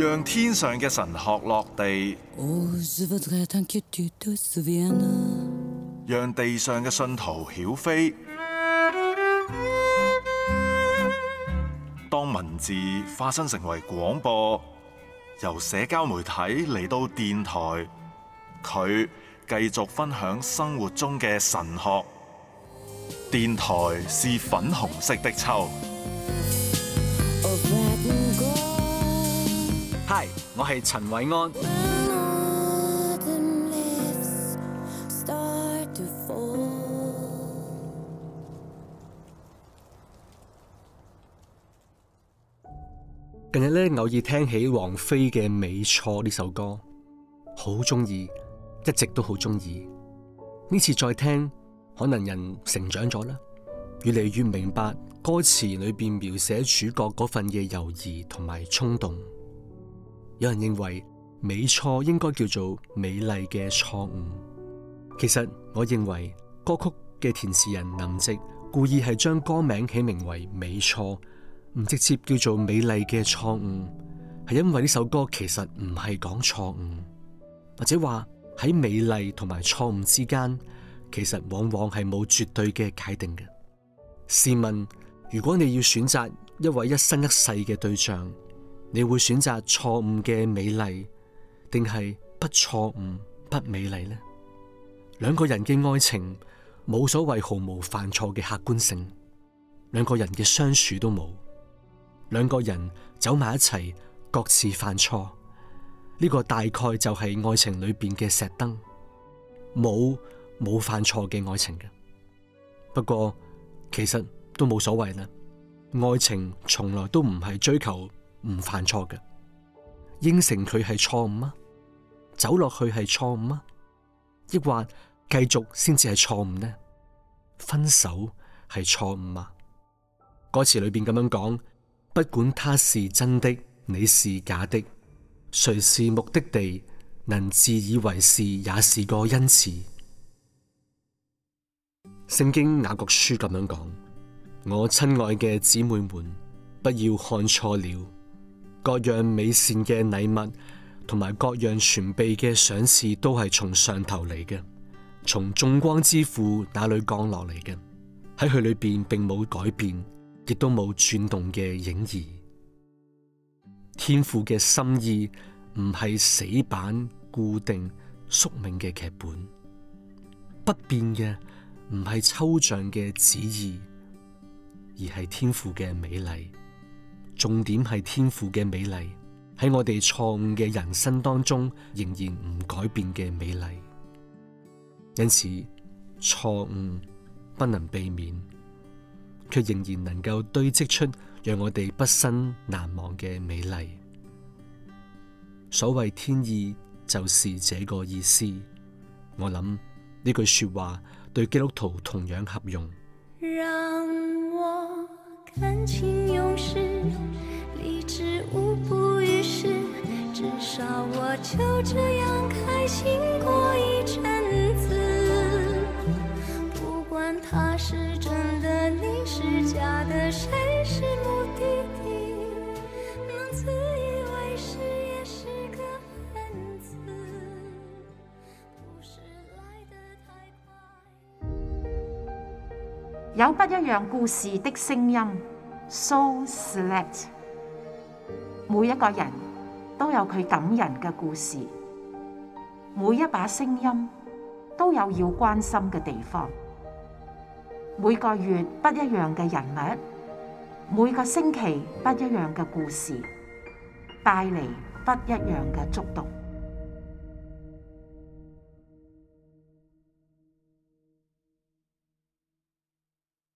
讓天上嘅神學落地，讓地上嘅信徒曉飛。當文字化身成為廣播，由社交媒體嚟到電台，佢繼續分享生活中嘅神學。電台是粉紅色的秋。嗨，Hi, 我係陳偉安。近日咧，偶爾聽起王菲嘅《美錯》呢首歌，好中意，一直都好中意。呢次再聽，可能人成長咗啦，越嚟越明白歌詞裏邊描寫主角嗰份嘅猶豫同埋衝動。有人認為美錯應該叫做美麗嘅錯誤。其實我認為歌曲嘅填詞人林夕故意係將歌名起名為美錯，唔直接叫做美麗嘅錯誤，係因為呢首歌其實唔係講錯誤，或者話喺美麗同埋錯誤之間，其實往往係冇絕對嘅界定嘅。試問，如果你要選擇一位一生一世嘅對象，你會選擇錯誤嘅美麗，定係不錯誤不美麗呢？兩個人嘅愛情冇所謂，毫無犯錯嘅客觀性，兩個人嘅相處都冇，兩個人走埋一齊，各自犯錯，呢個大概就係愛情裏邊嘅石燈，冇冇犯錯嘅愛情嘅。不過其實都冇所謂啦，愛情從來都唔係追求。唔犯錯嘅，應承佢係錯誤嗎？走落去係錯誤嗎？抑或繼續先至係錯誤呢？分手係錯誤嗎？歌詞裏邊咁樣講，不管他是真的，你是假的，誰是目的地？能自以爲是，也是個恩賜。聖經雅各書咁樣講：我親愛嘅姊妹們，不要看錯了。各樣美善嘅禮物，同埋各樣全備嘅賞賜，都係從上頭嚟嘅，從眾光之父那裏降落嚟嘅。喺佢裏邊，並冇改變，亦都冇轉動嘅影兒。天父嘅心意唔係死板固定宿命嘅劇本，不變嘅唔係抽象嘅旨意，而係天父嘅美麗。重點係天賦嘅美麗，喺我哋錯誤嘅人生當中仍然唔改變嘅美麗。因此，錯誤不能避免，卻仍然能夠堆積出讓我哋不生難忘嘅美麗。所謂天意就是這個意思。我諗呢句說話對基督徒同樣合用。就這樣開心過一陣子，不管他是真的，你是假的，誰是目的地，能自以為是也是個恩賜，不是來得太快，有不一樣故事的聲音，So select 每一個人。都有佢感人嘅故事，每一把聲音都有要關心嘅地方，每個月不一樣嘅人物，每個星期不一樣嘅故事，帶嚟不一樣嘅觸動。